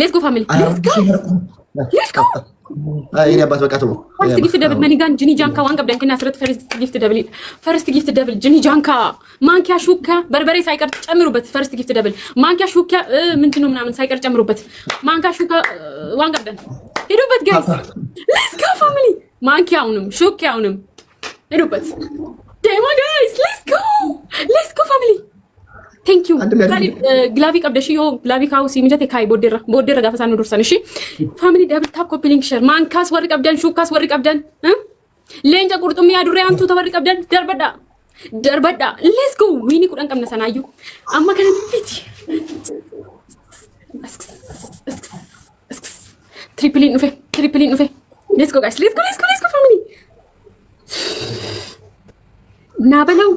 ሌትስ ጎ ፋሚሊ ፈርስት ጊፍት ደብል ጅኒ ጃንካ ዋን ቀብደን ክና ማንኪያ ሹካ በርበሬ ሳይቀር ጨምሩበት። ፈርስት ጊፍት ደብል ማንኪያ ሹካ ምንድን ነው ምናምን ሳይቀር ጨምሩበት። ማንኪያ ሹካ ዋን ሄዱበት። ጋይስ ሌትስ ጎ ፋሚሊ ማንኪያውንም ሹካውንም ሄዱበት። ደማ ጋይስ ሌትስ ጎ ሌትስ ጎ ፋሚሊ ቴንኪዩ ግላቪ uh, ቀብደሽ ዮ ግላቪ ካውስ የሚጀት ካይ ቦዴራ ቦዴራ ጋፈሳ ነው እሺ ፋሚሊ ዳብል ታፕ ኮፒ ሊንክ ሼር ማን ካስ ቀብደን ሹ ካስ ቀብደን ሌንጀ ቁርጡም ያዱሬ አንቱ ተወር ቀብደን ደርበዳ ደርበዳ ሌትስ ጎ ዊኒ ቁደን ቀምነ አማ ከነ ቢቲ ትሪፕሊን ኡፌ ትሪፕሊን ኡፌ ሌትስ ጎ ጋይስ ሌትስ ጎ ሌትስ ጎ ሌትስ ጎ ፋሚሊ ናበለው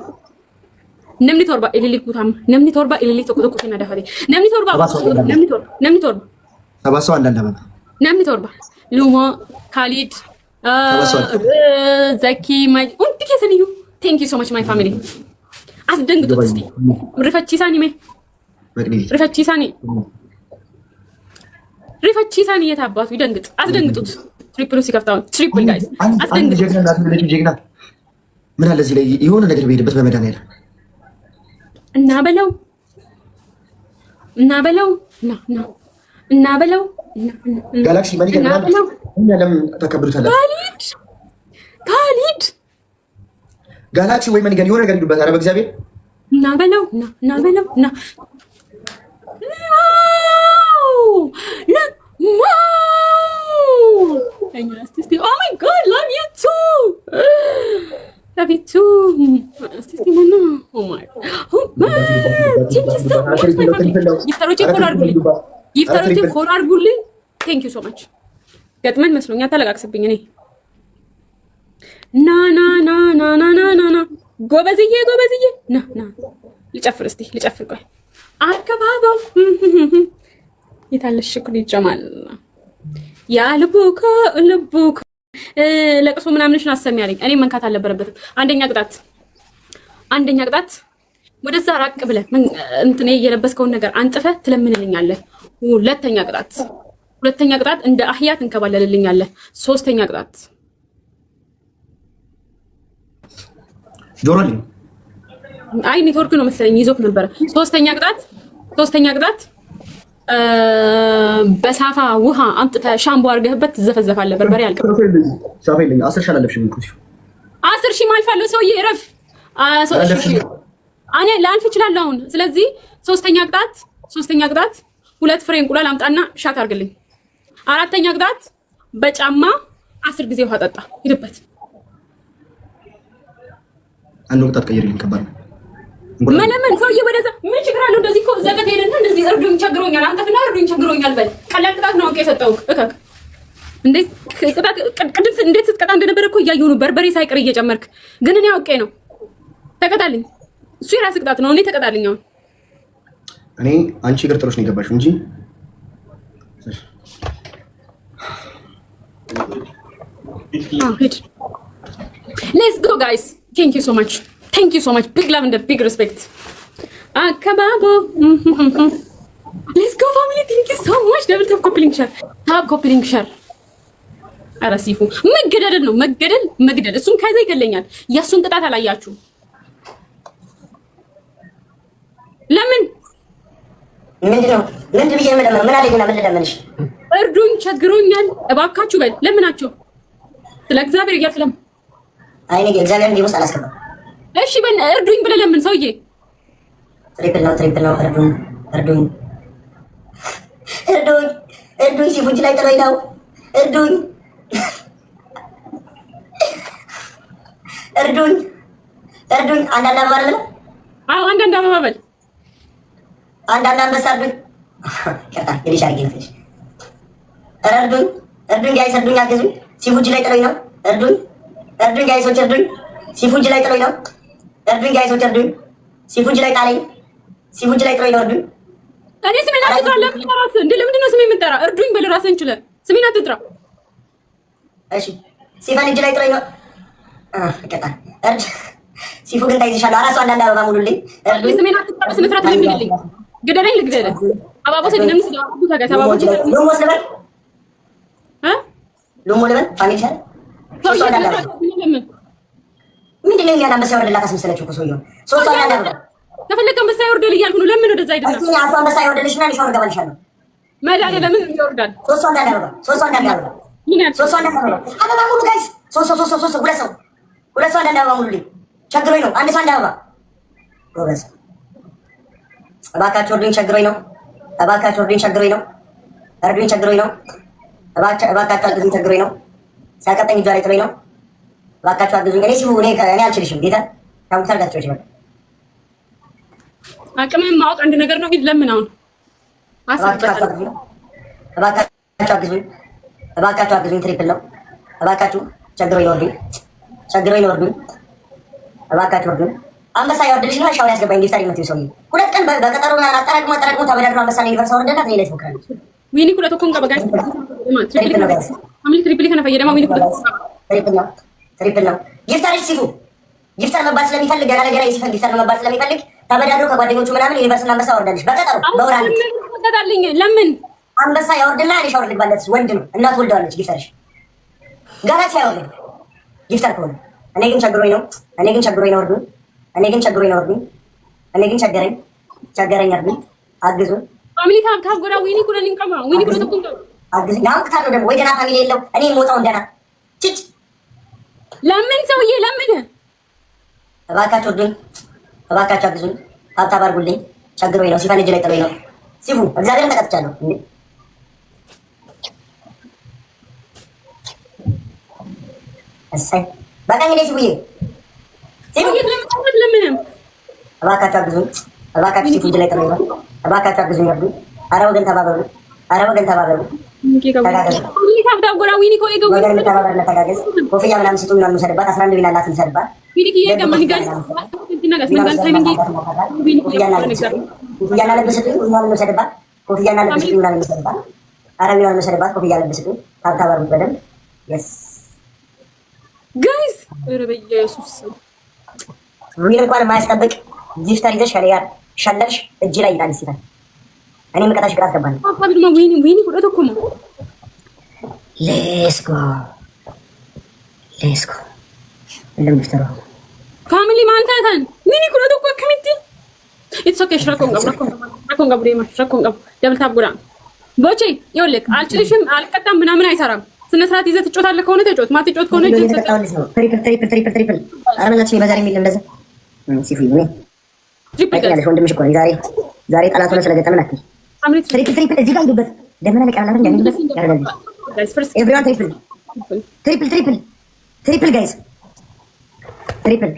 namni torba ilili guutama namni torba ilili tokko tokko kenna dafate namni torba namni torba namni torba saba soo andan daba namni torba lumo khalid zaki maj hundi keessaniyyuu thank you so much my family አስደንግጡት እስቲ ሪፈቺሳን ይሜ ሪፈቺሳን ሪፈቺሳን እየታባቱ ይደንግጥ አስደንግጡት ትሪፕሉ ሲከፍታውን ትሪፕል ጋይስ አስደንግጡት ጀግና ምን አለ እዚህ ላይ የሆነ ነገር በሄድበት በመዳን ያለ እናበለው እናበለው እናበለው ጋላክሲ ካሊድ ጋላክሲ ወይ መንገድ የሆነ ነገር ይሉበት። ኧረ በእግዚአብሔር እናበለው እናበለው ና ይፍጠሮችን ፎሎ አድርጉልኝ። ቴንክ ዩ ሶ ማች ገጥመን መስሎኛል። ተለቃቅስብኝ እኔ ና ጎበዝዬ ጎበዝዬ ና ና ልጨፍር እስቲ ልጨፍር። ቆይ የታለሽ ይጀማል ያ ለቅሶ ምናምንሽን አሰሚ ያለኝ እኔ መንካት አልነበረበትም። አንደኛ ቅጣት አንደኛ ቅጣት ወደዛ ራቅ ብለ እንትኔ እየለበስከውን ነገር አንጥፈ ትለምንልኛለህ። ሁለተኛ ቅጣት ሁለተኛ ቅጣት እንደ አህያ ትንከባለልልኛለህ። ሶስተኛ ቅጣት ጆሮ አይ ኔትወርክ ነው መሰለኝ ይዞክ ነበረ። ሶስተኛ ቅጣት ሶስተኛ ቅጣት በሳፋ ውሃ አምጥተ ሻምቦ አድርገህበት ትዘፈዘፋለህ። በርበሬ አልቅ ሳፋ የለኝም። አስር ሺህ አላለፍሽም። አስር ሺ ማልፋለሁ። ሰውዬ እረፍ። እኔ ላልፍ እችላለሁ አሁን። ስለዚህ ሶስተኛ ቅጣት ሶስተኛ ቅጣት ሁለት ፍሬ እንቁላል አምጣና ሻት አርግልኝ። አራተኛ ቅጣት በጫማ አስር ጊዜ ውሃ ጠጣ። ሂድበት። አንዱ ቅጣት ቀይርልኝ። ከባድ ምን ምን ሰውዬ ወደዛ ምን ችግር አለው? እንደዚህ እኮ ዘቀት ሄደና እንደዚህ እርዱኝ ቸግሮኛል፣ አንተፍና እርዱኝ ቸግሮኛል በል። ቀላል ቅጣት ነው የሰጠው። እከክ እንዴት ቅጣት ቅድም እንዴት ስትቀጣ እንደነበረ እኮ እያየሁ ነው። በርበሬ ሳይቀር እየጨመርክ ግን እኔ አውቄ ነው። ተቀጣልኝ እሱ የራስ ቅጣት ነው። እኔ ተቀጣልኛው እኔ አንቺ እግር ጥሎሽ ነው የገባሽው እንጂ ሌትስ ጎ ጋይስ ቴንክ ዩ ሶ ማች ቴንክ ዩ ሶ ማች ቢግ ላቭ እንደ ቢግ ሪስፔክት አከባቦ ሌትስ ጎ ፋሚሊ ቴንክ ዩ ሶ ማች ደብል ታፕ ኮፕሊንግ ሸር ታፕ ኮፕሊንግ ሸር ኧረ ሲፉ መገደል ነው መገደል መግደል እሱም ከዛ ይገለኛል የእሱን ቅጣት አላያችሁ ለምን ምንድነው? ምንድን ብዬሽ የምደምረው? ምን አለኝና ምን ልደምርሽ? እርዱኝ፣ ቸግሮኛል፣ እባካችሁ በል። ለምናቸው ስለ እግዚአብሔር እያልክ ለምን? አይ እግዚአብሔር እንዲህ ውስጥ አላስገባም። እሺ በል እርዱኝ ብለህ ለምን? ሰውዬ ትሪፕል ነው፣ ትሪፕል ነው። እርዱኝ፣ እርዱኝ፣ እርዱኝ፣ እርዱኝ። ሲፉጅ ላይ ጥሎኝ ነው። እርዱኝ፣ እርዱኝ፣ እርዱኝ። አንዳንድ አበባ አለ። አዎ አንዳንድ አበባ አንዳንድ አንበሳ እርዱኝ፣ ግዴሽ አድርጌ ነው ትንሽ ኧረ እርዱኝ፣ እርዱኝ፣ ጋይስ እርዱኝ፣ አግዙኝ፣ ሲፉጅ ላይ ጥሎኝ ነው፣ እርዱኝ፣ እርዱኝ፣ ጋይሶች እርዱኝ፣ ሲፉጅ ላይ ጥሎኝ ነው፣ እርዱኝ፣ ጋይሶች እርዱኝ፣ ሲፉጅ ላይ ጣለኝ፣ ሲፉጅ ላይ ጥሎኝ ነው፣ እርዱኝ። እኔ ስሜን አትጥራ፣ ተራስ እንዴ? ለምንድን ነው ስሜን የምጠራ? እርዱኝ በል ራስህን ችለህ ስሜን አትጥራ። እሺ ሲፈን እጅ ላይ ጥሎኝ ነው ቀጣ እርድ ሲፉ ግን ታይዝሻለሁ። አራሱ አንዳንድ አበባ ሙሉልኝ፣ እርዱኝ፣ ስሜን አትጥራ፣ ስነ ስርዓት ልምድልኝ ግደለኝ ልግደልህ። አባቦት ግን ምን ስለአባቦት ጋር ተባቦት ነው ወሰለህ እ ደሞ ለምን ፋሚሊ ቻለ ምንድን ነው ያለ አንበሳ ይወርድላት አስመሰለችው እኮ ሰውዬው። ሶስት ሰው ያለ ከፈለከ አንበሳ እያልኩ ነው። ለምን ወደዛ አይደለም እሱ አሷ አንበሳ ይወርድልሽና ልሽ ወርድ ገባልሻለሁ። መዳለ ለምን ይወርዳል? ሶስት ሰው እንዳለ ሶስት አበባ ሁለት ሰው ሁለት ሰው እንዳለ አበባ ሙሉ ቸግሮኝ ነው። አንድ ሰው እንዳለ አበባ ጎበዝ እባካችሁ እርዱኝ፣ ቸግሮኝ ነው። እባካችሁ እርዱኝ፣ ቸግሮኝ ነው። እርዱኝ፣ ቸግሮኝ ነው። እባካችሁ አግዙኝ፣ ቸግሮኝ ነው። ሲያቀጠኝ እጇ ላይ ጥሎኝ ነው። እባካችሁ አግዙኝ። እኔ ሲሁ እኔ አልችልሽም ጌታ ከሙክተር ጋር ትችልሽ በቃ ማወቅ አንድ ነገር ነው። ሂድ ለምን አሁን እባካችሁ አግዙኝ፣ እባካችሁ አግዙኝ። ትሪፕል ነው። እባካችሁ ቸግሮኝ ነው፣ እርዱኝ፣ ቸግሮኝ ነው፣ እርዱኝ፣ እባካችሁ እርዱኝ። አንበሳ ያወደልሽና ሻወር ያስገባኝ ጊፍት አድርግ የምትይው ሰውዬ ሁለት ቀን በቀጠሮ ምናምን አጠራቅሞ አጠራቅሞ ተበዳድሮ አንበሳን ዩኒቨርስ አወረደላት። እኔ ላይ ትሞክራለች። ዊኒ ሁለት እኮ እንገባ ጋይስ ትሪፕል ከነፈየ ደግሞ ዊኒ ሁለት ትሪፕል ነው። ጊፍታር ሲፉ ጊፍታር መባል ስለሚፈልግ ገና ለገና የሲፈን ጊፍታር መባል ስለሚፈልግ ተበዳድሮ ከጓደኞቹ ምናምን ዩኒቨርስና አንበሳ አወርዳለች በቀጠሮ በውራን ለምን አንበሳ ያወርድና እኔ ሻወር ልግባለት። ወንድ ነው እና ትወልደዋለች። ጊፍታርሽ ጋራ ሲያወርድ ጊፍታር ከሆነ እኔ ግን ቸግሮኝ ነው እኔ ግን ቸግሮኝ ነው ወርዱ እኔ ግን ቸግሮ ይኖርብኝ እኔ ግን ቸገረኝ ቸገረኝ እርቢ አግዙ ፋሚሊ ታም ታም ጎዳ ወይኒ ጉዳ ንቀማ ወይኒ ጉዳ ተቁንቀ አግዙ ያም ከታለ ደግሞ ወይ ገና ፋሚሊ የለው እኔ ሞታው እንደና ጭጭ ለምን ሰውዬ ለምን እባካችሁ እርዱኝ እባካችሁ አግዙኝ ሀብታም አድርጉልኝ ቸግሮኝ ነው ሲፈን እጅ ላይ ጥሎኝ ነው ሲፉ እግዚአብሔርን ተቀጥቻለሁ እሰይ በቃ እንግዲህ ሲፉዬ ለምንም እባካችሁ አግዙኝ፣ እባካችሁ ሴት ልጅ ላይ ጥሩ ይሆን፣ እባካችሁ አግዙኝ፣ እርዱ። ኧረ ወገን ተባበሩ፣ ኧረ ወገን ተባበሩ፣ ተባበር መተጋገዝ። ኮፍያ ምናምን ስጡ ምናምን ውሰድባት፣ አስራ አንድ ቢላ አላት ውሰድባት። ኮፍያ እና ልብስ ስጡኝ ምናምን ውሰድባት፣ ኮፍያ እና ልብስ ስጡኝ ምናምን ውሰድባት፣ ኧረ ቢላውን ውሰድባት፣ ኮፍያ ልብስ ስጡኝ። ታብታበሩ በደንብ ጋይዝ፣ ኧረ በኢየሱስ ዊል እንኳን የማያስጠብቅ ጊፍተር ይዘሽ ከኔ ጋር ሸለልሽ እጅ ላይ ይላል ሲታል እኔ መቀጣሽ ግራ አስገባኝ። ሌስጎ ሌስጎ ለም ጊፍተሩ ፋሚሊ ማንታታን ሚኒ ኩረት እኮ ከሚቲ ኢትስ ኦኬ ሽራኮን ጋር ሽራኮን ጋር ብሬማ ሽራኮን ጋር ደብልታብ ጉራ ቦቼ ይኸውልህ፣ አልችልሽም፣ አልቀጣም፣ ምናምን አይሰራም። ስነ ስርዓት ይዘህ ትጮታለህ። ከሆነ ተጮት፣ ማትጮት ከሆነ ትሪፕል ትሪፕል ትሪፕል ትሪፕል አረመናችን ይበዛል የሚል እንደዛ ወንድምሽ እኮ ዛሬ ዛሬ ጠላት ሆነ ስለገጠመን አትይ። ትሪፕል ትሪፕል እዚህ ጋር ሂዱበት። ደመና ነቃ ያላረን ያንዱበት ያረጋል። ኤቭሪዋን ትሪፕል ትሪፕል ትሪፕል ትሪፕል ጋይስ ትሪፕል